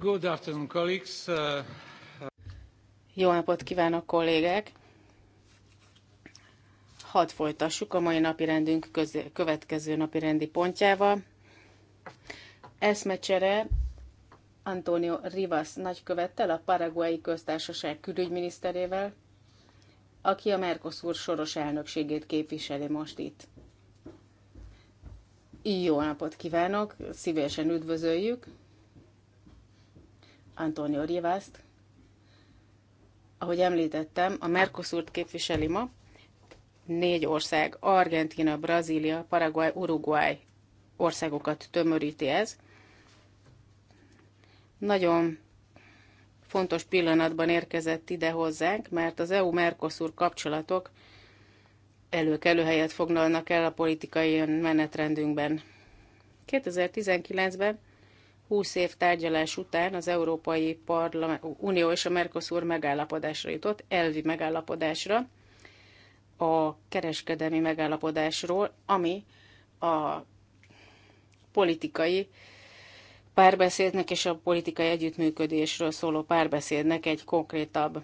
Good afternoon, colleagues. Uh, Jó napot kívánok, kollégák! Hadd folytassuk a mai napirendünk következő napirendi pontjával. Eszmecsere Antonio Rivas nagykövettel, a Paraguai Köztársaság külügyminiszterével, aki a Mercosur soros elnökségét képviseli most itt. Jó napot kívánok, szívesen üdvözöljük! Antonio Rivászt. Ahogy említettem, a Mercosurt képviseli ma négy ország, Argentina, Brazília, Paraguay, Uruguay országokat tömöríti ez. Nagyon fontos pillanatban érkezett ide hozzánk, mert az EU-Mercosur kapcsolatok előkelő helyet foglalnak el a politikai menetrendünkben. 2019-ben 20 év tárgyalás után az Európai Parlament, Unió és a Mercosur megállapodásra jutott, elvi megállapodásra, a kereskedelmi megállapodásról, ami a politikai párbeszédnek és a politikai együttműködésről szóló párbeszédnek egy konkrétabb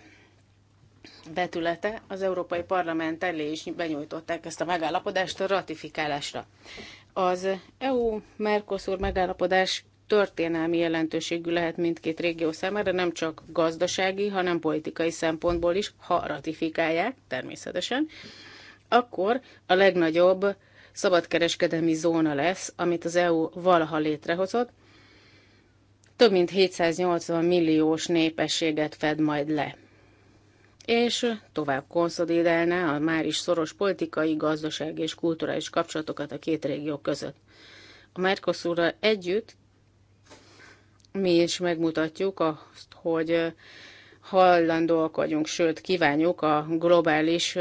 betülete. Az Európai Parlament elé is benyújtották ezt a megállapodást a ratifikálásra. Az EU-Mercosur megállapodás történelmi jelentőségű lehet mindkét régió számára, nem csak gazdasági, hanem politikai szempontból is, ha ratifikálják, természetesen, akkor a legnagyobb szabadkereskedelmi zóna lesz, amit az EU valaha létrehozott. Több mint 780 milliós népességet fed majd le és tovább konszolidálná a már is szoros politikai, gazdasági és kulturális kapcsolatokat a két régió között. A Mercosurral együtt mi is megmutatjuk azt, hogy hallandóak vagyunk, sőt kívánjuk a globális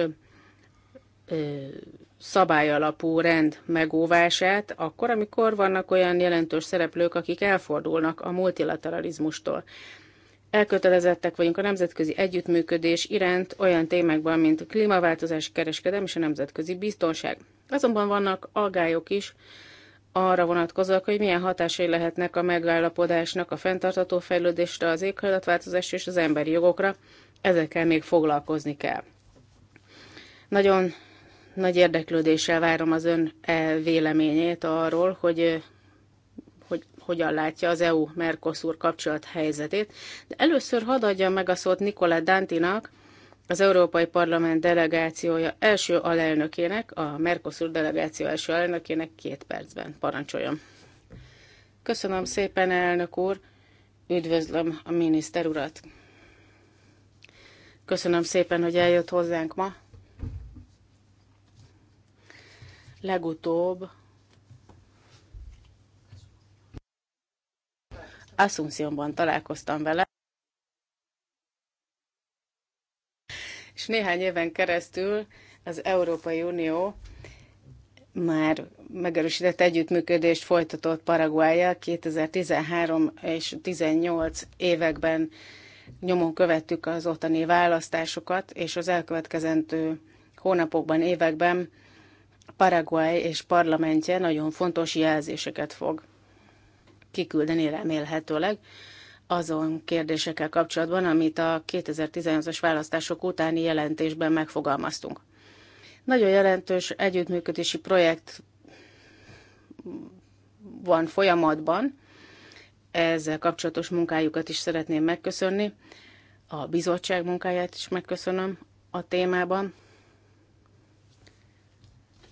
szabályalapú rend megóvását, akkor, amikor vannak olyan jelentős szereplők, akik elfordulnak a multilateralizmustól. Elkötelezettek vagyunk a nemzetközi együttműködés iránt olyan témákban, mint a klímaváltozás, kereskedelem és a nemzetközi biztonság. Azonban vannak aggályok is, arra vonatkozóak, hogy milyen hatásai lehetnek a megállapodásnak a fenntartató fejlődésre, az éghajlatváltozásra és az emberi jogokra. Ezekkel még foglalkozni kell. Nagyon nagy érdeklődéssel várom az ön e véleményét arról, hogy, hogy hogyan látja az EU-Mercosur kapcsolat helyzetét. De először hadd adjam meg a szót Nikola Dantinak, az Európai Parlament delegációja első alelnökének, a Mercosur delegáció első alelnökének két percben parancsoljon. Köszönöm szépen, elnök úr, üdvözlöm a miniszter urat. Köszönöm szépen, hogy eljött hozzánk ma. Legutóbb Asunciónban találkoztam vele. és néhány éven keresztül az Európai Unió már megerősített együttműködést folytatott Paraguayjal 2013 és 18 években nyomon követtük az ottani választásokat, és az elkövetkezendő hónapokban, években Paraguay és parlamentje nagyon fontos jelzéseket fog kiküldeni remélhetőleg, azon kérdésekkel kapcsolatban, amit a 2018-as választások utáni jelentésben megfogalmaztunk. Nagyon jelentős együttműködési projekt van folyamatban, ezzel kapcsolatos munkájukat is szeretném megköszönni, a bizottság munkáját is megköszönöm a témában,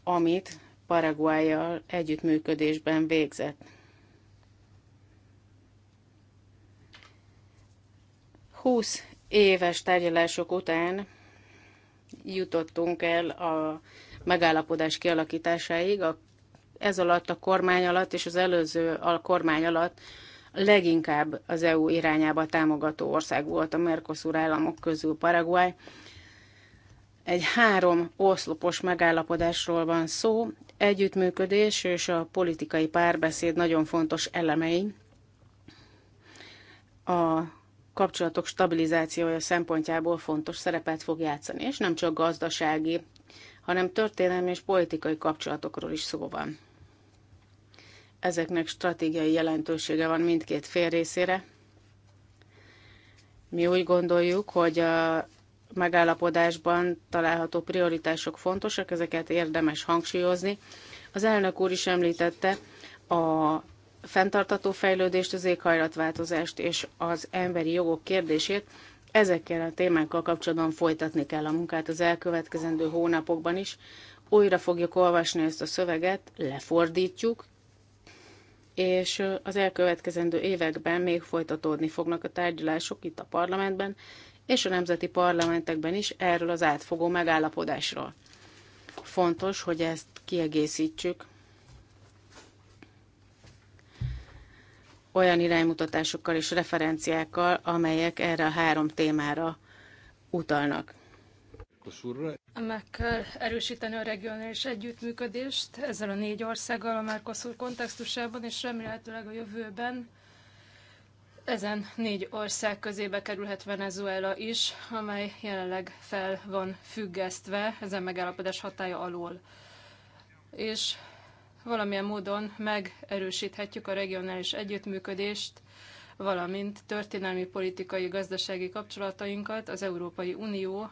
amit Paraguayjal együttműködésben végzett. 20 éves tárgyalások után jutottunk el a megállapodás kialakításáig. A, ez alatt a kormány alatt és az előző a kormány alatt leginkább az EU irányába támogató ország volt a Mercosur államok közül Paraguay. Egy három oszlopos megállapodásról van szó, együttműködés és a politikai párbeszéd nagyon fontos elemei. A kapcsolatok stabilizációja szempontjából fontos szerepet fog játszani, és nem csak gazdasági, hanem történelmi és politikai kapcsolatokról is szó van. Ezeknek stratégiai jelentősége van mindkét fél részére. Mi úgy gondoljuk, hogy a megállapodásban található prioritások fontosak, ezeket érdemes hangsúlyozni. Az elnök úr is említette a fenntartató fejlődést, az éghajlatváltozást és az emberi jogok kérdését. Ezekkel a témákkal kapcsolatban folytatni kell a munkát az elkövetkezendő hónapokban is. Újra fogjuk olvasni ezt a szöveget, lefordítjuk, és az elkövetkezendő években még folytatódni fognak a tárgyalások itt a parlamentben, és a nemzeti parlamentekben is erről az átfogó megállapodásról. Fontos, hogy ezt kiegészítsük olyan iránymutatásokkal és referenciákkal, amelyek erre a három témára utalnak. Meg kell erősíteni a regionális együttműködést ezzel a négy országgal a Mercosur kontextusában, és remélhetőleg a jövőben ezen négy ország közébe kerülhet Venezuela is, amely jelenleg fel van függesztve ezen megállapodás hatája alól. És valamilyen módon megerősíthetjük a regionális együttműködést, valamint történelmi, politikai, gazdasági kapcsolatainkat az Európai Unió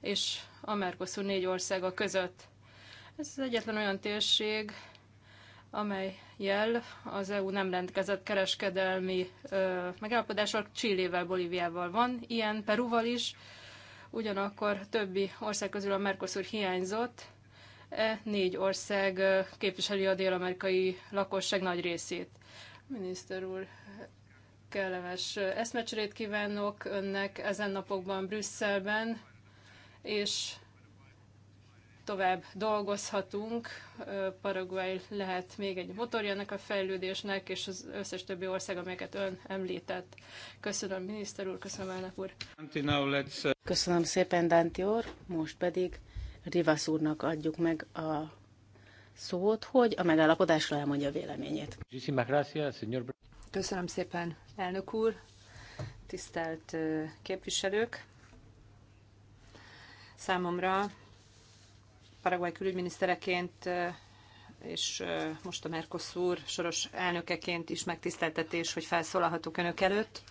és a Mercosur négy országa között. Ez az egyetlen olyan térség, amely jel az EU nem rendkezett kereskedelmi megállapodással megállapodások Csillével, Bolíviával van, ilyen Peruval is, ugyanakkor többi ország közül a Mercosur hiányzott, E négy ország képviseli a dél-amerikai lakosság nagy részét. Miniszter úr, kellemes eszmecserét kívánok önnek ezen napokban Brüsszelben, és tovább dolgozhatunk. Paraguay lehet még egy motorja ennek a fejlődésnek, és az összes többi ország, amelyeket ön említett. Köszönöm, miniszter úr, köszönöm, elnök úr. Köszönöm szépen, Dánti úr. Most pedig Rivas úrnak adjuk meg a szót, hogy a megállapodásra elmondja a véleményét. Köszönöm szépen, elnök úr, tisztelt képviselők. Számomra Paraguay külügyminisztereként és most a Mercosur soros elnökeként is megtiszteltetés, hogy felszólalhatok önök előtt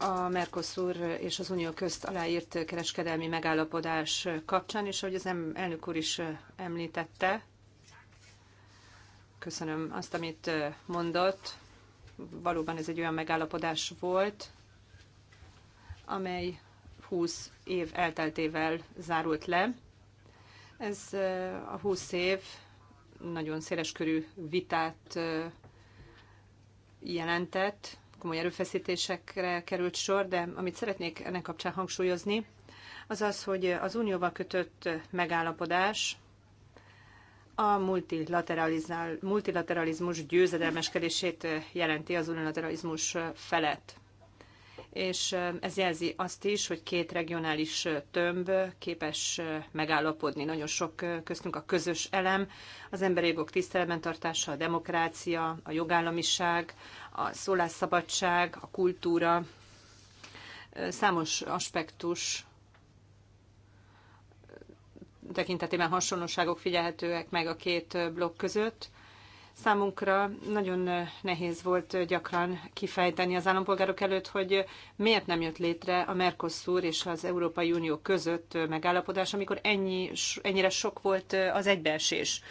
a Mercosur és az Unió közt aláírt kereskedelmi megállapodás kapcsán, és ahogy az elnök úr is említette, köszönöm azt, amit mondott. Valóban ez egy olyan megállapodás volt, amely 20 év elteltével zárult le. Ez a 20 év nagyon széleskörű vitát jelentett, komoly erőfeszítésekre került sor, de amit szeretnék ennek kapcsán hangsúlyozni, az az, hogy az unióval kötött megállapodás a multilateralizmus győzedelmeskedését jelenti az unilateralizmus felett és ez jelzi azt is, hogy két regionális tömb képes megállapodni. Nagyon sok köztünk a közös elem, az emberi jogok tiszteletben tartása, a demokrácia, a jogállamiság, a szólásszabadság, a kultúra, számos aspektus tekintetében hasonlóságok figyelhetőek meg a két blokk között. Számunkra nagyon nehéz volt gyakran kifejteni az állampolgárok előtt, hogy miért nem jött létre a Mercosur és az Európai Unió között megállapodás, amikor ennyi, ennyire sok volt az egybeesés.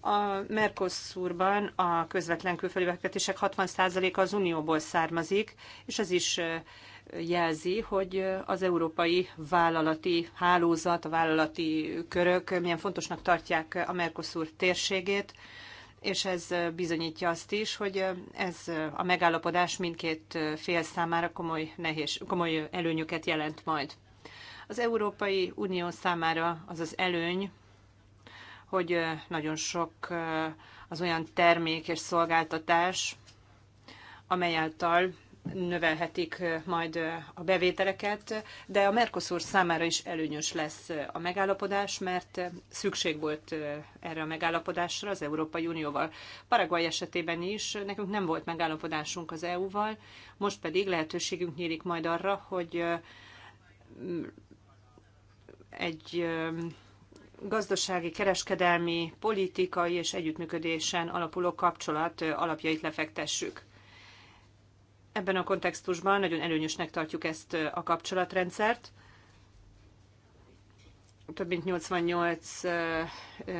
A Mercosurban a közvetlen külföldi befektetések 60%-a az Unióból származik, és ez is jelzi, hogy az európai vállalati hálózat, a vállalati körök milyen fontosnak tartják a Mercosur térségét, és ez bizonyítja azt is, hogy ez a megállapodás mindkét fél számára komoly, nehéz, komoly előnyöket jelent majd. Az Európai Unió számára az az előny, hogy nagyon sok az olyan termék és szolgáltatás, amely által növelhetik majd a bevételeket, de a Mercosur számára is előnyös lesz a megállapodás, mert szükség volt erre a megállapodásra az Európai Unióval. Paraguay esetében is nekünk nem volt megállapodásunk az EU-val, most pedig lehetőségünk nyílik majd arra, hogy egy gazdasági, kereskedelmi, politikai és együttműködésen alapuló kapcsolat alapjait lefektessük. Ebben a kontextusban nagyon előnyösnek tartjuk ezt a kapcsolatrendszert. Több mint 88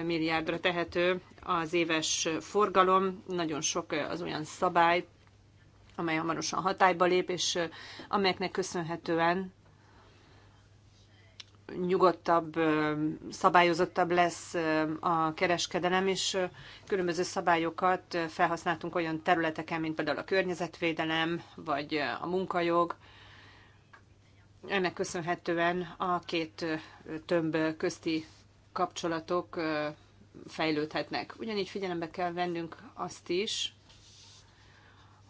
milliárdra tehető az éves forgalom, nagyon sok az olyan szabály, amely hamarosan hatályba lép, és amelyeknek köszönhetően nyugodtabb, szabályozottabb lesz a kereskedelem, és különböző szabályokat felhasználtunk olyan területeken, mint például a környezetvédelem, vagy a munkajog. Ennek köszönhetően a két tömb közti kapcsolatok fejlődhetnek. Ugyanígy figyelembe kell vennünk azt is,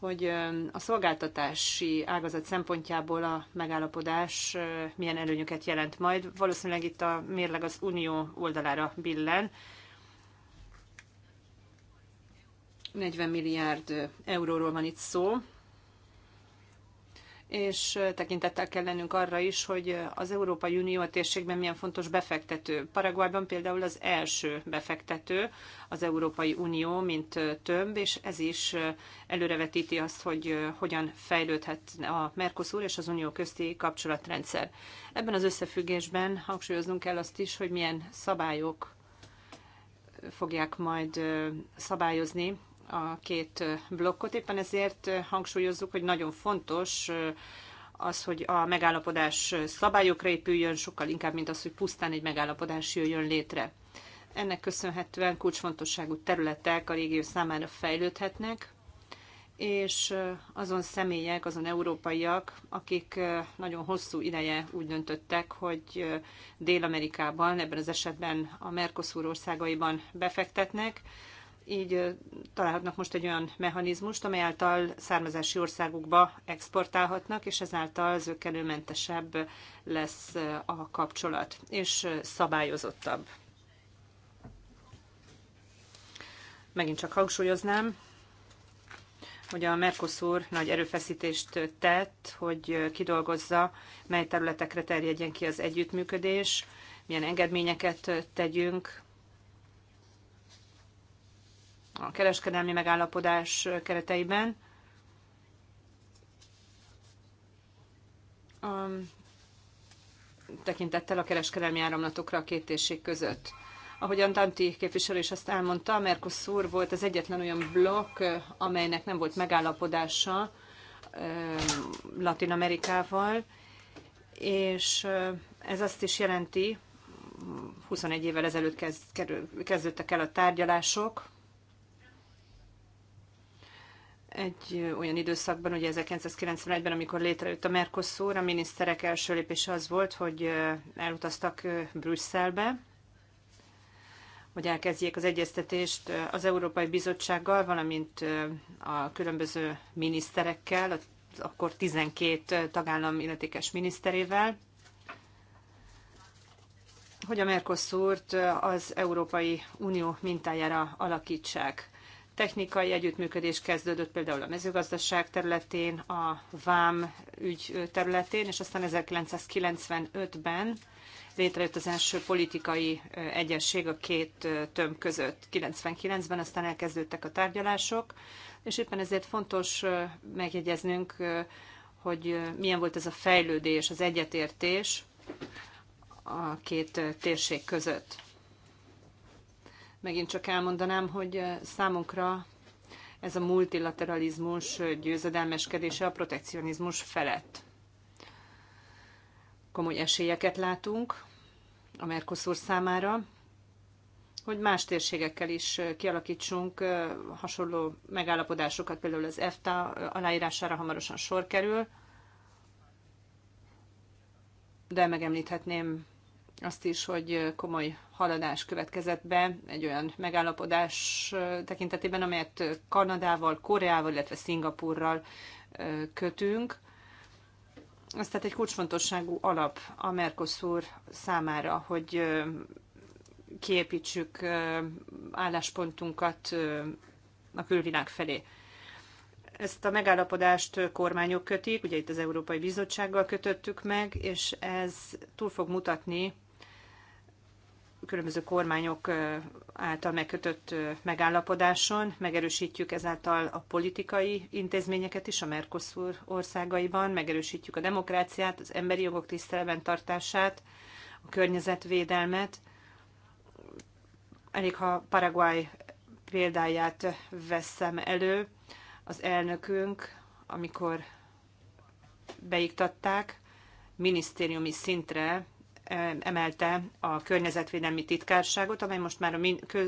hogy a szolgáltatási ágazat szempontjából a megállapodás milyen előnyöket jelent majd. Valószínűleg itt a mérleg az unió oldalára billen. 40 milliárd euróról van itt szó, és tekintettel kell lennünk arra is, hogy az Európai Unió a térségben milyen fontos befektető. Paraguayban például az első befektető az Európai Unió, mint tömb, és ez is előrevetíti azt, hogy hogyan fejlődhet a Mercosur és az Unió közti kapcsolatrendszer. Ebben az összefüggésben hangsúlyoznunk kell azt is, hogy milyen szabályok fogják majd szabályozni a két blokkot. Éppen ezért hangsúlyozzuk, hogy nagyon fontos az, hogy a megállapodás szabályokra épüljön, sokkal inkább, mint az, hogy pusztán egy megállapodás jöjjön létre. Ennek köszönhetően kulcsfontosságú területek a régió számára fejlődhetnek, és azon személyek, azon európaiak, akik nagyon hosszú ideje úgy döntöttek, hogy Dél-Amerikában, ebben az esetben a Mercosur országaiban befektetnek, így találhatnak most egy olyan mechanizmust, amely által származási országukba exportálhatnak, és ezáltal zöggenőmentesebb lesz a kapcsolat, és szabályozottabb. Megint csak hangsúlyoznám, hogy a Mercosur nagy erőfeszítést tett, hogy kidolgozza, mely területekre terjedjen ki az együttműködés, milyen engedményeket tegyünk, a kereskedelmi megállapodás kereteiben. A tekintettel a kereskedelmi áramlatokra a két térség között. Ahogy Antanti képviselő is azt elmondta, Mercosur volt az egyetlen olyan blokk, amelynek nem volt megállapodása Latin Amerikával, és ez azt is jelenti, 21 évvel ezelőtt kezdődtek el a tárgyalások, egy olyan időszakban, ugye 1991-ben, amikor létrejött a Mercosur, a miniszterek első lépése az volt, hogy elutaztak Brüsszelbe, hogy elkezdjék az egyeztetést az Európai Bizottsággal, valamint a különböző miniszterekkel, akkor 12 tagállam illetékes miniszterével, hogy a Mercosurt az Európai Unió mintájára alakítsák technikai együttműködés kezdődött például a mezőgazdaság területén, a vám ügy területén, és aztán 1995-ben létrejött az első politikai egyesség a két tömb között. 99-ben aztán elkezdődtek a tárgyalások, és éppen ezért fontos megjegyeznünk, hogy milyen volt ez a fejlődés, az egyetértés a két térség között. Megint csak elmondanám, hogy számunkra ez a multilateralizmus győzedelmeskedése a protekcionizmus felett. Komoly esélyeket látunk a Mercosur számára, hogy más térségekkel is kialakítsunk hasonló megállapodásokat, például az EFTA aláírására hamarosan sor kerül, de megemlíthetném azt is, hogy komoly haladás következett be egy olyan megállapodás tekintetében, amelyet Kanadával, Koreával, illetve Szingapurral kötünk. Ez tehát egy kulcsfontosságú alap a Mercosur számára, hogy kiépítsük álláspontunkat a külvilág felé. Ezt a megállapodást kormányok kötik, ugye itt az Európai Bizottsággal kötöttük meg, és ez túl fog mutatni különböző kormányok által megkötött megállapodáson, megerősítjük ezáltal a politikai intézményeket is a Mercosur országaiban, megerősítjük a demokráciát, az emberi jogok tiszteletben tartását, a környezetvédelmet. Elég, ha Paraguay példáját veszem elő, az elnökünk, amikor beiktatták minisztériumi szintre emelte a környezetvédelmi titkárságot, amely most már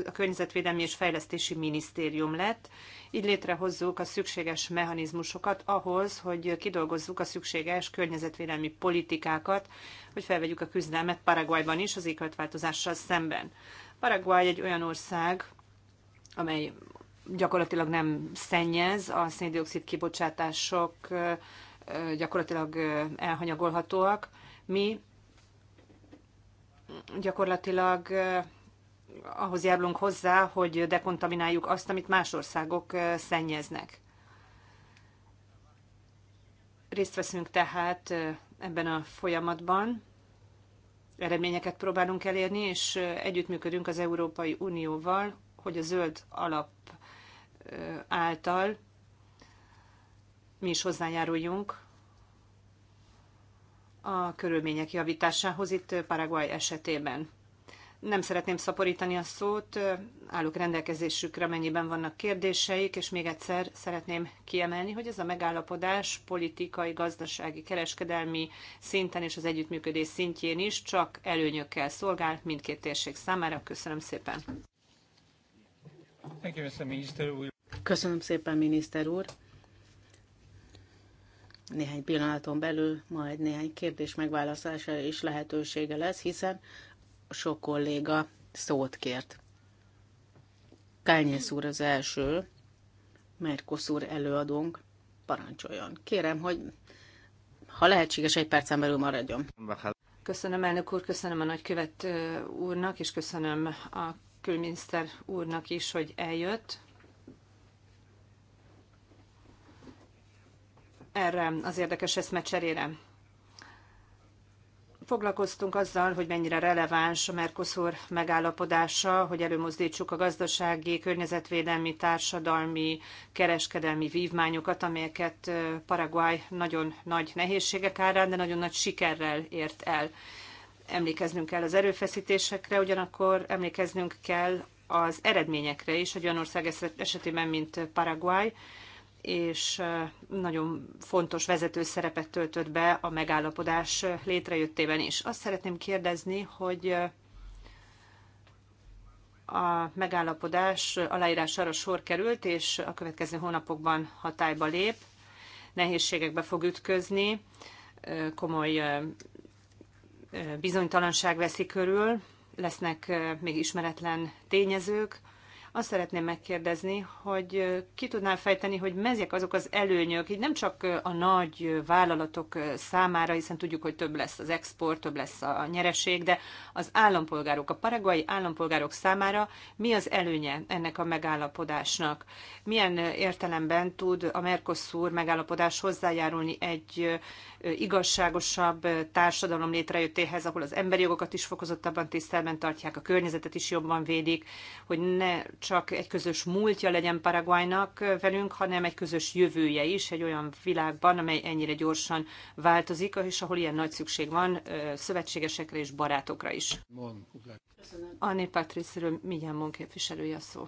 a, környezetvédelmi és fejlesztési minisztérium lett. Így létrehozzuk a szükséges mechanizmusokat ahhoz, hogy kidolgozzuk a szükséges környezetvédelmi politikákat, hogy felvegyük a küzdelmet Paraguayban is az éghajlatváltozással szemben. Paraguay egy olyan ország, amely gyakorlatilag nem szennyez, a széndiokszid kibocsátások gyakorlatilag elhanyagolhatóak. Mi gyakorlatilag ahhoz járulunk hozzá, hogy dekontamináljuk azt, amit más országok szennyeznek. Részt veszünk tehát ebben a folyamatban, eredményeket próbálunk elérni, és együttműködünk az Európai Unióval, hogy a zöld alap által mi is hozzájáruljunk a körülmények javításához itt Paraguay esetében. Nem szeretném szaporítani a szót, állok rendelkezésükre, mennyiben vannak kérdéseik, és még egyszer szeretném kiemelni, hogy ez a megállapodás politikai, gazdasági, kereskedelmi szinten és az együttműködés szintjén is csak előnyökkel szolgál mindkét térség számára. Köszönöm szépen! Köszönöm szépen, miniszter úr! néhány pillanaton belül majd néhány kérdés megválaszolása is lehetősége lesz, hiszen sok kolléga szót kért. Kányész úr az első, mert úr előadónk, parancsoljon. Kérem, hogy ha lehetséges, egy percen belül maradjon. Köszönöm elnök úr, köszönöm a nagykövet úrnak, és köszönöm a külminiszter úrnak is, hogy eljött. erre az érdekes eszmecserére. Foglalkoztunk azzal, hogy mennyire releváns a Mercosur megállapodása, hogy előmozdítsuk a gazdasági, környezetvédelmi, társadalmi, kereskedelmi vívmányokat, amelyeket Paraguay nagyon nagy nehézségek árán, de nagyon nagy sikerrel ért el. Emlékeznünk kell az erőfeszítésekre, ugyanakkor emlékeznünk kell az eredményekre is, hogy olyan ország esetében, mint Paraguay, és nagyon fontos vezető szerepet töltött be a megállapodás létrejöttében is. Azt szeretném kérdezni, hogy a megállapodás aláírására sor került, és a következő hónapokban hatályba lép. Nehézségekbe fog ütközni, komoly bizonytalanság veszi körül, lesznek még ismeretlen tényezők, azt szeretném megkérdezni, hogy ki tudnál fejteni, hogy mezek azok az előnyök, így nem csak a nagy vállalatok számára, hiszen tudjuk, hogy több lesz az export, több lesz a nyereség, de az állampolgárok, a paraguai állampolgárok számára mi az előnye ennek a megállapodásnak? Milyen értelemben tud a Mercosur megállapodás hozzájárulni egy igazságosabb társadalom létrejöttéhez, ahol az emberi jogokat is fokozottabban tisztelben tartják, a környezetet is jobban védik, hogy ne csak egy közös múltja legyen Paraguaynak velünk, hanem egy közös jövője is egy olyan világban, amely ennyire gyorsan változik, és ahol ilyen nagy szükség van szövetségesekre és barátokra is. Köszönöm. Anné Patrice-ről Migyen Mon képviselője a szó.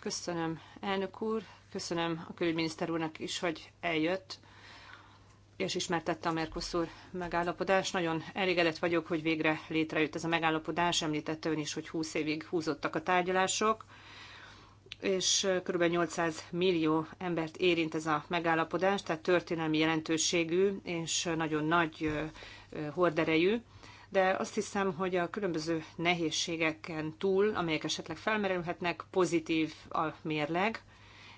Köszönöm, elnök úr, köszönöm a külügyminiszter úrnak is, hogy eljött és ismertette a Mercosur megállapodás. Nagyon elégedett vagyok, hogy végre létrejött ez a megállapodás. Említette ön is, hogy 20 évig húzottak a tárgyalások, és kb. 800 millió embert érint ez a megállapodás, tehát történelmi jelentőségű és nagyon nagy horderejű de azt hiszem, hogy a különböző nehézségeken túl, amelyek esetleg felmerülhetnek, pozitív a mérleg,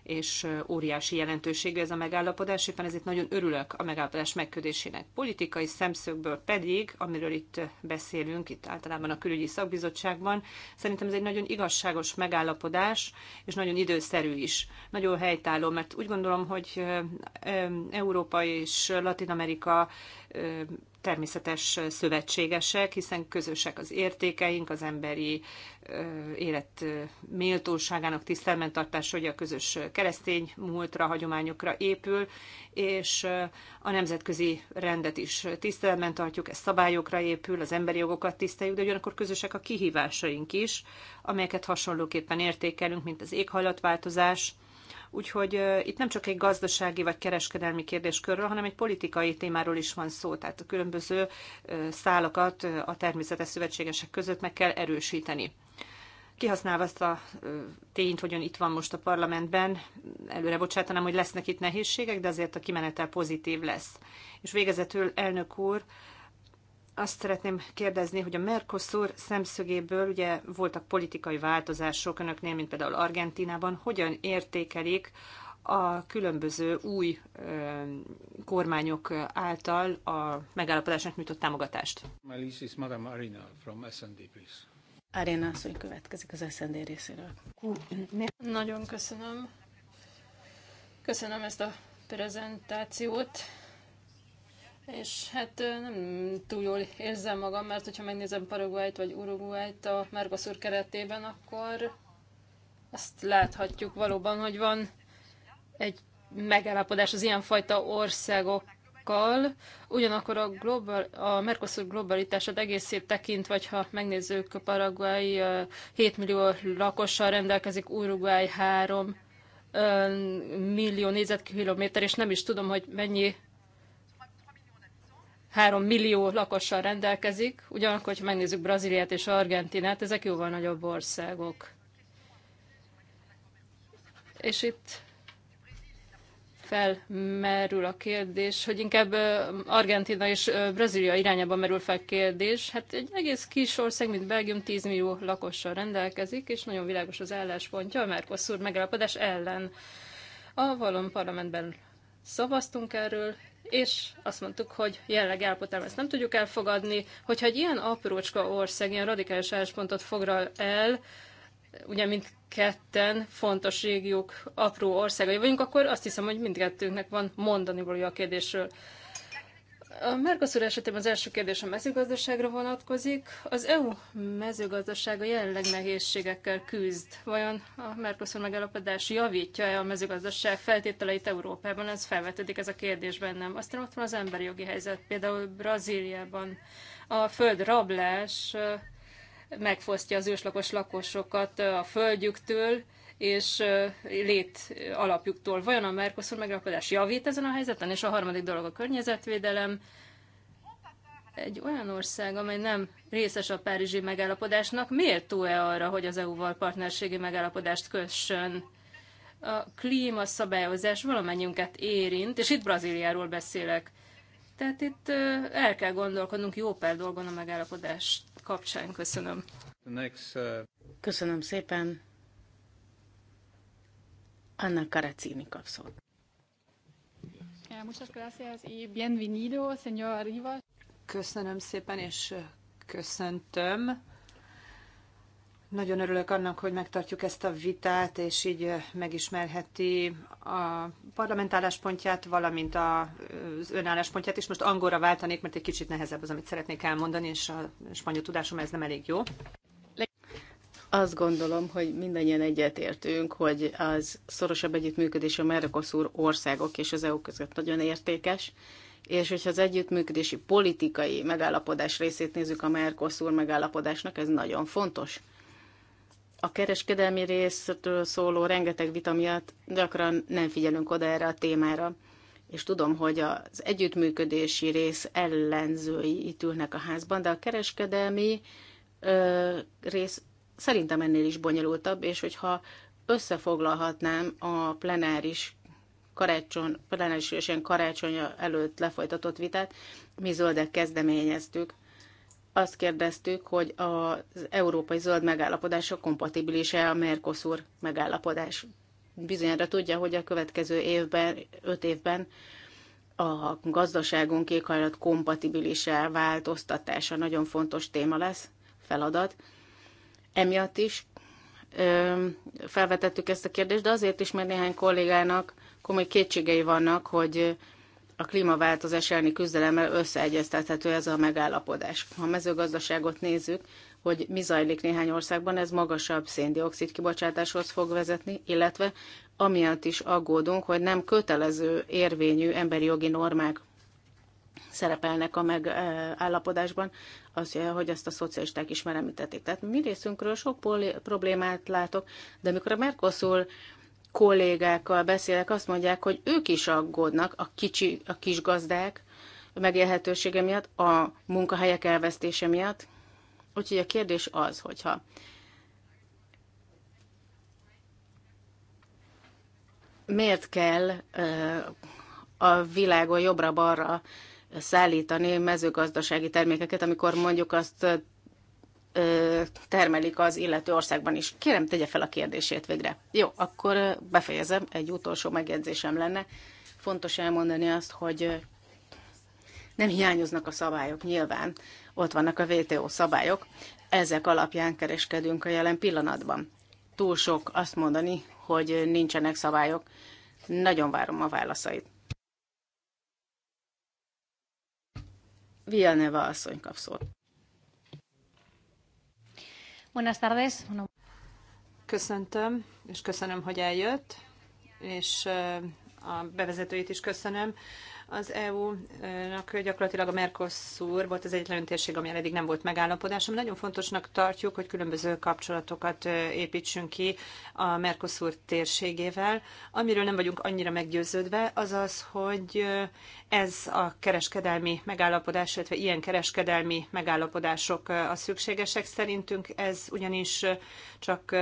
és óriási jelentőségű ez a megállapodás, éppen ezért nagyon örülök a megállapodás megködésének. Politikai szemszögből pedig, amiről itt beszélünk, itt általában a külügyi szakbizottságban, szerintem ez egy nagyon igazságos megállapodás, és nagyon időszerű is. Nagyon helytálló, mert úgy gondolom, hogy Európa és Latin Amerika természetes szövetségesek, hiszen közösek az értékeink, az emberi élet méltóságának tisztelmen tartása, hogy a közös keresztény múltra, hagyományokra épül, és a nemzetközi rendet is tisztelmen tartjuk, ez szabályokra épül, az emberi jogokat tiszteljük, de ugyanakkor közösek a kihívásaink is, amelyeket hasonlóképpen értékelünk, mint az éghajlatváltozás, Úgyhogy itt nem csak egy gazdasági vagy kereskedelmi kérdéskörről, hanem egy politikai témáról is van szó. Tehát a különböző szálakat a természetes szövetségesek között meg kell erősíteni kihasználva azt a tényt, hogy ön itt van most a parlamentben, előre bocsátanám, hogy lesznek itt nehézségek, de azért a kimenetel pozitív lesz. És végezetül, elnök úr, azt szeretném kérdezni, hogy a Mercosur szemszögéből ugye voltak politikai változások önöknél, mint például Argentinában, hogyan értékelik a különböző új ö, kormányok által a megállapodásnak nyújtott támogatást? Malisis Madame Arena from SND, please. Arena asszony következik az SND részéről. Nagyon köszönöm. Köszönöm ezt a prezentációt és hát nem túl jól érzem magam, mert hogyha megnézem Paraguayt vagy Uruguayt a Mercosur keretében, akkor azt láthatjuk valóban, hogy van egy megállapodás az ilyenfajta országokkal, ugyanakkor a, global, a Mercosur globalitását egészét tekint, vagy ha megnézzük, a Paraguay 7 millió lakossal rendelkezik, Uruguay 3 millió négyzetkilométer, és nem is tudom, hogy mennyi 3 millió lakossal rendelkezik, ugyanakkor, hogyha megnézzük Brazíliát és Argentinát, ezek jóval nagyobb országok. És itt felmerül a kérdés, hogy inkább Argentina és Brazília irányába merül fel kérdés. Hát egy egész kis ország, mint Belgium, 10 millió lakossal rendelkezik, és nagyon világos az álláspontja a Mercosur megállapodás ellen. A valon parlamentben szavaztunk erről, és azt mondtuk, hogy jelenleg elpotem, ezt nem tudjuk elfogadni, hogyha egy ilyen aprócska ország ilyen radikális álláspontot foglal el, ugye mint ketten fontos régiók apró országai vagyunk, akkor azt hiszem, hogy mindkettőnknek van mondani valója a kérdésről. A Mercosur esetében az első kérdés a mezőgazdaságra vonatkozik. Az EU mezőgazdasága jelenleg nehézségekkel küzd. Vajon a Mercosur megállapodás javítja-e a mezőgazdaság feltételeit Európában? Ez felvetődik ez a kérdés bennem. Aztán ott van az emberi jogi helyzet, például Brazíliában a föld rablás megfosztja az őslakos lakosokat a földjüktől, és lét alapjuktól vajon a Mercosur megállapodás javít ezen a helyzeten, és a harmadik dolog a környezetvédelem. Egy olyan ország, amely nem részes a párizsi megállapodásnak, miért túl-e arra, hogy az EU-val partnerségi megállapodást kössön? A klímaszabályozás valamennyiünket érint, és itt Brazíliáról beszélek. Tehát itt el kell gondolkodnunk jó pár dolgon a megállapodás kapcsán. Köszönöm. Uh, Köszönöm szépen. Anna Karacini kap szót. Köszönöm szépen, és köszöntöm. Nagyon örülök annak, hogy megtartjuk ezt a vitát, és így megismerheti a parlament álláspontját, valamint az pontját. is. Most angolra váltanék, mert egy kicsit nehezebb az, amit szeretnék elmondani, és a spanyol tudásom ez nem elég jó. Azt gondolom, hogy mindannyian egyetértünk, hogy az szorosabb együttműködés a Merkoszúr országok és az EU között nagyon értékes, és hogyha az együttműködési politikai megállapodás részét nézzük a Merkoszúr megállapodásnak, ez nagyon fontos. A kereskedelmi részről szóló rengeteg vita miatt gyakran nem figyelünk oda erre a témára, és tudom, hogy az együttműködési rész ellenzői itt ülnek a házban, de a kereskedelmi ö, rész szerintem ennél is bonyolultabb, és hogyha összefoglalhatnám a plenáris karácsony, plenáris ilyen karácsony előtt lefolytatott vitát, mi zöldek kezdeményeztük. Azt kérdeztük, hogy az európai zöld megállapodása kompatibilis-e a Mercosur megállapodás. Bizonyára tudja, hogy a következő évben, öt évben a gazdaságunk éghajlat kompatibilisá változtatása nagyon fontos téma lesz, feladat Emiatt is ö, felvetettük ezt a kérdést, de azért is, mert néhány kollégának komoly kétségei vannak, hogy a klímaváltozás elleni küzdelemmel összeegyeztethető ez a megállapodás. Ha a mezőgazdaságot nézzük, hogy mi zajlik néhány országban, ez magasabb széndiokszid kibocsátáshoz fog vezetni, illetve amiatt is aggódunk, hogy nem kötelező érvényű emberi jogi normák szerepelnek a megállapodásban, az, hogy ezt a szocialisták is már említették. Tehát mi részünkről sok problémát látok, de amikor a Mercosul kollégákkal beszélek, azt mondják, hogy ők is aggódnak, a kicsi, a kis gazdák megélhetősége miatt, a munkahelyek elvesztése miatt. Úgyhogy a kérdés az, hogyha miért kell a világon jobbra-balra szállítani mezőgazdasági termékeket, amikor mondjuk azt termelik az illető országban is. Kérem, tegye fel a kérdését végre. Jó, akkor befejezem, egy utolsó megjegyzésem lenne. Fontos elmondani azt, hogy nem hiányoznak a szabályok, nyilván ott vannak a VTO szabályok, ezek alapján kereskedünk a jelen pillanatban. Túl sok azt mondani, hogy nincsenek szabályok. Nagyon várom a válaszait. Villaneva asszony kap szót. Buenas tardes. Köszöntöm, és köszönöm, hogy eljött, és a bevezetőit is köszönöm. Az EU-nak gyakorlatilag a Mercosur volt az egyetlen térség, ami eddig nem volt megállapodás, ami nagyon fontosnak tartjuk, hogy különböző kapcsolatokat építsünk ki a Mercosur térségével. Amiről nem vagyunk annyira meggyőződve, az az, hogy ez a kereskedelmi megállapodás, illetve ilyen kereskedelmi megállapodások a szükségesek szerintünk, ez ugyanis csak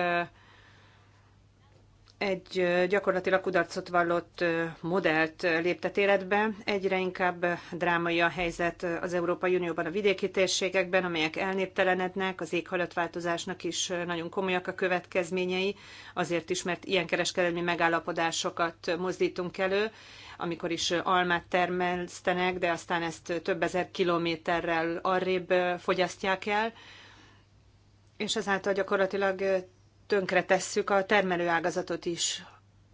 egy gyakorlatilag kudarcot vallott modellt léptet életbe. Egyre inkább drámai a helyzet az Európai Unióban a vidéki térségekben, amelyek elnéptelenednek, az éghajlatváltozásnak is nagyon komolyak a következményei, azért is, mert ilyen kereskedelmi megállapodásokat mozdítunk elő, amikor is almát termesztenek, de aztán ezt több ezer kilométerrel arrébb fogyasztják el, és ezáltal gyakorlatilag tönkretesszük a termelőágazatot is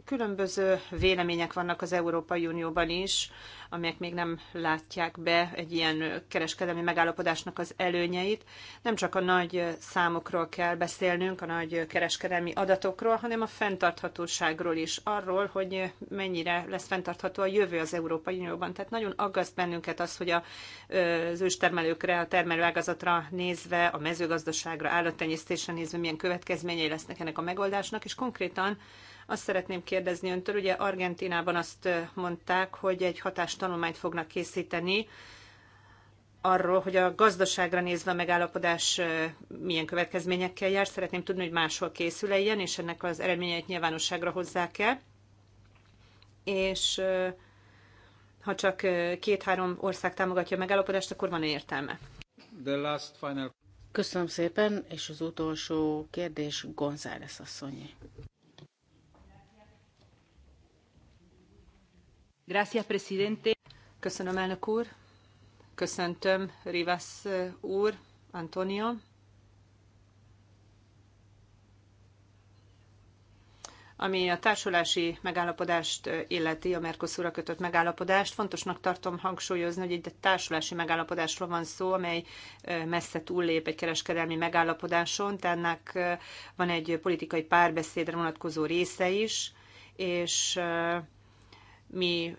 különböző vélemények vannak az Európai Unióban is, amelyek még nem látják be egy ilyen kereskedelmi megállapodásnak az előnyeit. Nem csak a nagy számokról kell beszélnünk, a nagy kereskedelmi adatokról, hanem a fenntarthatóságról is, arról, hogy mennyire lesz fenntartható a jövő az Európai Unióban. Tehát nagyon aggaszt bennünket az, hogy az őstermelőkre, a termelőágazatra nézve, a mezőgazdaságra, állattenyésztésre nézve milyen következményei lesznek ennek a megoldásnak, és konkrétan azt szeretném kérdezni öntől, ugye Argentinában azt mondták, hogy egy hatástanulmányt fognak készíteni, arról, hogy a gazdaságra nézve a megállapodás milyen következményekkel jár. Szeretném tudni, hogy máshol készül -e ilyen, és ennek az eredményeit nyilvánosságra hozzák el. És ha csak két-három ország támogatja a megállapodást, akkor van -e értelme. The last final... Köszönöm szépen, és az utolsó kérdés González asszonyi. Gracias, presidente. Köszönöm, elnök úr. Köszöntöm, Rivas eh, úr, Antonio. Ami a társulási megállapodást eh, illeti, a Mercosurra kötött megállapodást, fontosnak tartom hangsúlyozni, hogy egy társulási megállapodásról van szó, amely eh, messze túllép egy kereskedelmi megállapodáson, tehát ennek van egy politikai párbeszédre vonatkozó része is, és mi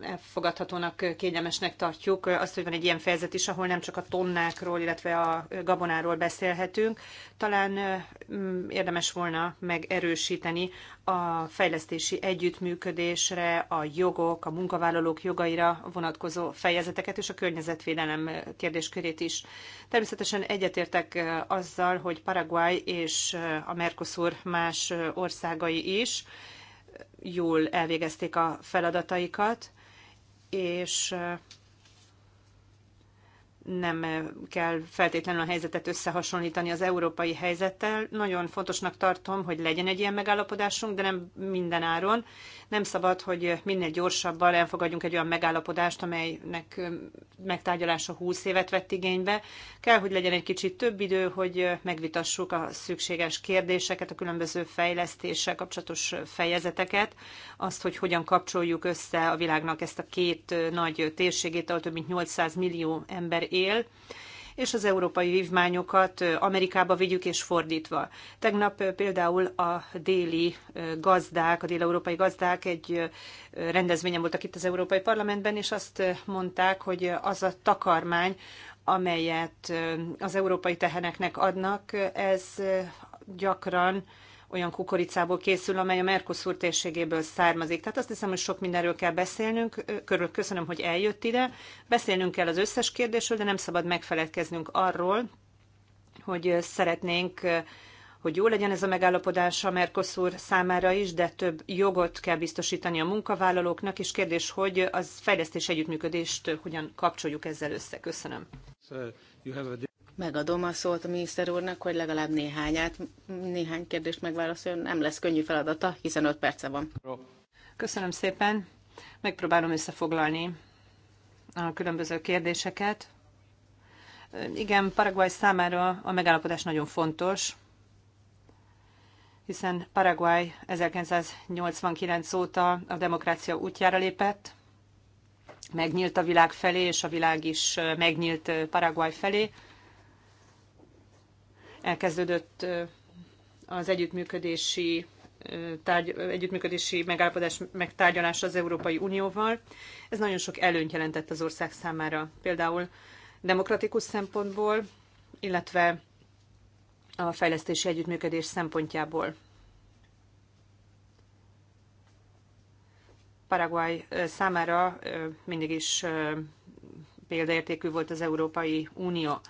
elfogadhatónak, kényelmesnek tartjuk azt, hogy van egy ilyen fejezet is, ahol nem csak a tonnákról, illetve a gabonáról beszélhetünk. Talán érdemes volna megerősíteni a fejlesztési együttműködésre, a jogok, a munkavállalók jogaira vonatkozó fejezeteket és a környezetvédelem kérdéskörét is. Természetesen egyetértek azzal, hogy Paraguay és a Mercosur más országai is jól elvégezték a feladataikat, és nem kell feltétlenül a helyzetet összehasonlítani az európai helyzettel. Nagyon fontosnak tartom, hogy legyen egy ilyen megállapodásunk, de nem minden áron. Nem szabad, hogy minél gyorsabban elfogadjunk egy olyan megállapodást, amelynek megtárgyalása 20 évet vett igénybe. Kell, hogy legyen egy kicsit több idő, hogy megvitassuk a szükséges kérdéseket, a különböző fejlesztéssel kapcsolatos fejezeteket, azt, hogy hogyan kapcsoljuk össze a világnak ezt a két nagy térségét, ahol több mint 800 millió ember él, és az európai vívmányokat Amerikába vigyük és fordítva. Tegnap például a déli gazdák, a déleurópai gazdák egy rendezvényen voltak itt az Európai Parlamentben, és azt mondták, hogy az a takarmány, amelyet az európai teheneknek adnak, ez gyakran olyan kukoricából készül, amely a Mercosur térségéből származik. Tehát azt hiszem, hogy sok mindenről kell beszélnünk. Körül köszönöm, hogy eljött ide. Beszélnünk kell az összes kérdésről, de nem szabad megfeledkeznünk arról, hogy szeretnénk hogy jó legyen ez a megállapodás a Mercosur számára is, de több jogot kell biztosítani a munkavállalóknak, és kérdés, hogy az fejlesztés együttműködést hogyan kapcsoljuk ezzel össze. Köszönöm. So Megadom a szót a miniszter úrnak, hogy legalább néhányát, néhány kérdést megválaszoljon. Nem lesz könnyű feladata, hiszen 5 perce van. Köszönöm szépen. Megpróbálom összefoglalni a különböző kérdéseket. Igen, Paraguay számára a megállapodás nagyon fontos, hiszen Paraguay 1989 óta a demokrácia útjára lépett, megnyílt a világ felé, és a világ is megnyílt Paraguay felé elkezdődött az együttműködési tárgy, együttműködési megállapodás megtárgyalása az Európai Unióval. Ez nagyon sok előnyt jelentett az ország számára, például demokratikus szempontból, illetve a fejlesztési együttműködés szempontjából. Paraguay számára mindig is példaértékű volt az Európai Unió.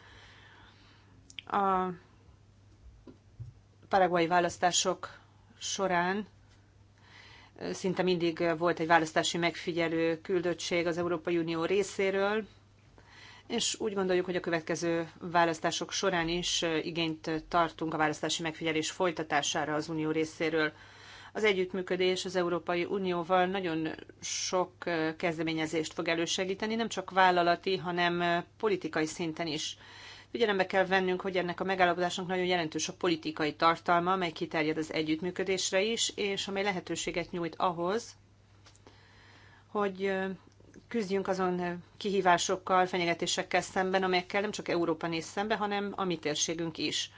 A paraguai választások során szinte mindig volt egy választási megfigyelő küldöttség az Európai Unió részéről, és úgy gondoljuk, hogy a következő választások során is igényt tartunk a választási megfigyelés folytatására az Unió részéről. Az együttműködés az Európai Unióval nagyon sok kezdeményezést fog elősegíteni, nem csak vállalati, hanem politikai szinten is. Figyelembe kell vennünk, hogy ennek a megállapodásnak nagyon jelentős a politikai tartalma, amely kiterjed az együttműködésre is, és amely lehetőséget nyújt ahhoz, hogy küzdjünk azon kihívásokkal, fenyegetésekkel szemben, amelyekkel nem csak Európa néz szembe, hanem a mi térségünk is.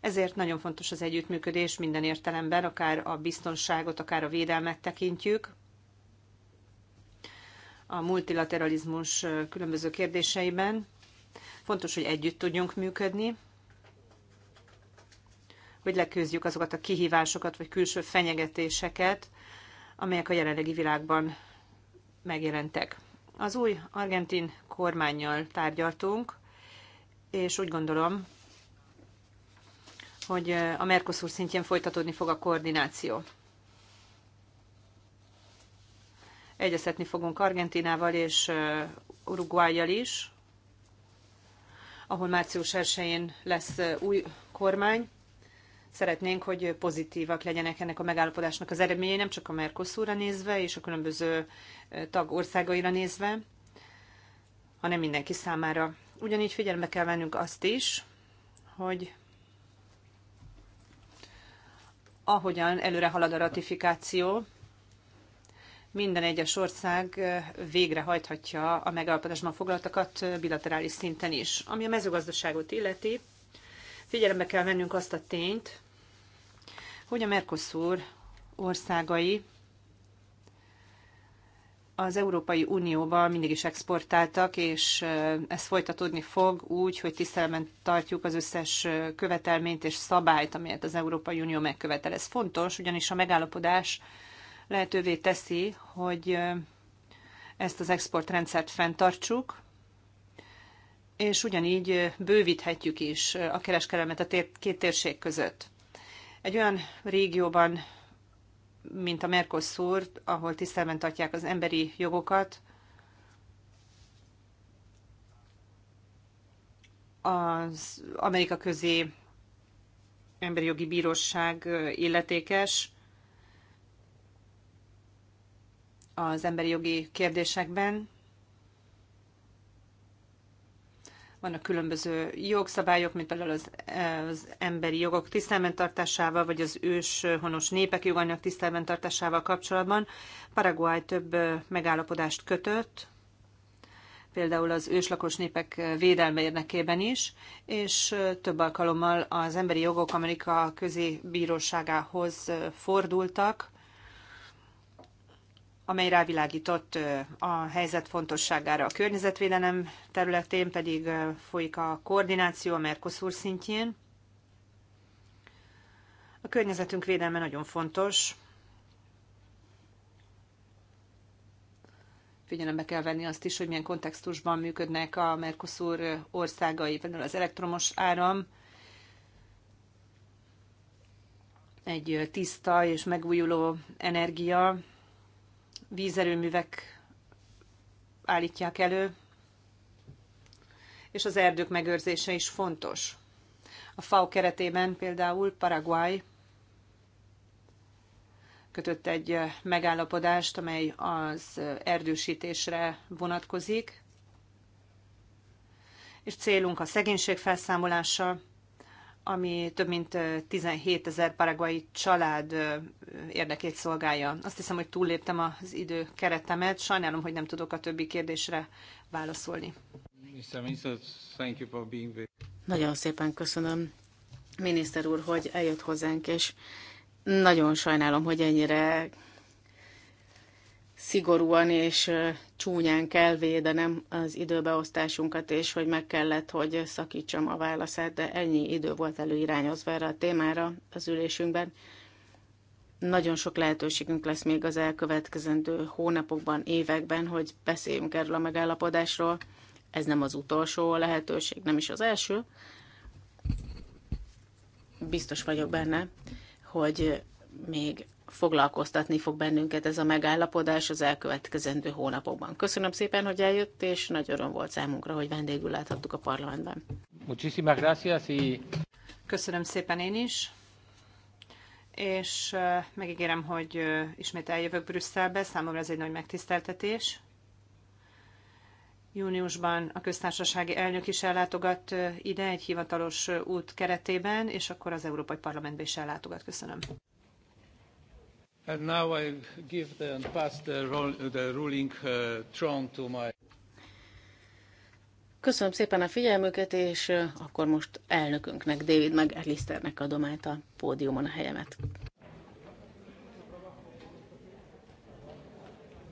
Ezért nagyon fontos az együttműködés minden értelemben, akár a biztonságot, akár a védelmet tekintjük. A multilateralizmus különböző kérdéseiben Fontos, hogy együtt tudjunk működni, hogy leküzdjük azokat a kihívásokat vagy külső fenyegetéseket, amelyek a jelenlegi világban megjelentek. Az új argentin kormányjal tárgyaltunk, és úgy gondolom, hogy a Mercosur szintjén folytatódni fog a koordináció. Egyeztetni fogunk Argentinával és Uruguayjal is, ahol március 1-én lesz új kormány. Szeretnénk, hogy pozitívak legyenek ennek a megállapodásnak az eredményei, nem csak a Mercosurra nézve és a különböző tagországaira nézve, hanem mindenki számára. Ugyanígy figyelembe kell vennünk azt is, hogy ahogyan előre halad a ratifikáció, minden egyes ország végrehajthatja a megállapodásban foglaltakat bilaterális szinten is. Ami a mezőgazdaságot illeti, figyelembe kell vennünk azt a tényt, hogy a Mercosur országai az Európai Unióba mindig is exportáltak, és ez folytatódni fog úgy, hogy tisztelemben tartjuk az összes követelményt és szabályt, amelyet az Európai Unió megkövetel. Ez fontos, ugyanis a megállapodás lehetővé teszi, hogy ezt az exportrendszert fenntartsuk, és ugyanígy bővíthetjük is a kereskedelmet a két térség között. Egy olyan régióban, mint a Mercosur, ahol tisztelben tartják az emberi jogokat, az Amerika Közé Emberi Jogi Bíróság illetékes, az emberi jogi kérdésekben. Vannak különböző jogszabályok, mint például az, az emberi jogok tisztelben tartásával, vagy az őshonos népek jogainak tisztelben tartásával kapcsolatban. Paraguay több megállapodást kötött, például az őslakos népek védelme érdekében is, és több alkalommal az Emberi Jogok Amerika Közi Bíróságához fordultak, amely rávilágított a helyzet fontosságára. A környezetvédelem területén pedig folyik a koordináció a Mercosur szintjén. A környezetünk védelme nagyon fontos. Figyelembe kell venni azt is, hogy milyen kontextusban működnek a Mercosur országai, például az elektromos áram, egy tiszta és megújuló energia vízerőművek állítják elő, és az erdők megőrzése is fontos. A FAO keretében például Paraguay kötött egy megállapodást, amely az erdősítésre vonatkozik, és célunk a szegénység felszámolása, ami több mint 17 ezer paraguai család érdekét szolgálja. Azt hiszem, hogy túlléptem az idő keretemet, sajnálom, hogy nem tudok a többi kérdésre válaszolni. Nagyon szépen köszönöm, miniszter úr, hogy eljött hozzánk, és nagyon sajnálom, hogy ennyire szigorúan és csúnyán kell védenem az időbeosztásunkat, és hogy meg kellett, hogy szakítsam a válaszát, de ennyi idő volt előirányozva erre a témára az ülésünkben. Nagyon sok lehetőségünk lesz még az elkövetkezendő hónapokban, években, hogy beszéljünk erről a megállapodásról. Ez nem az utolsó lehetőség, nem is az első. Biztos vagyok benne, hogy még foglalkoztatni fog bennünket ez a megállapodás az elkövetkezendő hónapokban. Köszönöm szépen, hogy eljött, és nagy öröm volt számunkra, hogy vendégül láthattuk a parlamentben. gracias Köszönöm szépen én is, és megígérem, hogy ismét eljövök Brüsszelbe, számomra ez egy nagy megtiszteltetés. Júniusban a köztársasági elnök is ellátogat ide egy hivatalos út keretében, és akkor az Európai Parlamentbe is ellátogat. Köszönöm. And now I give the, and pass the, the ruling uh, throne to my... Köszönöm szépen a figyelmüket, és uh, akkor most elnökünknek, David meg Elisternek adom át a pódiumon a helyemet.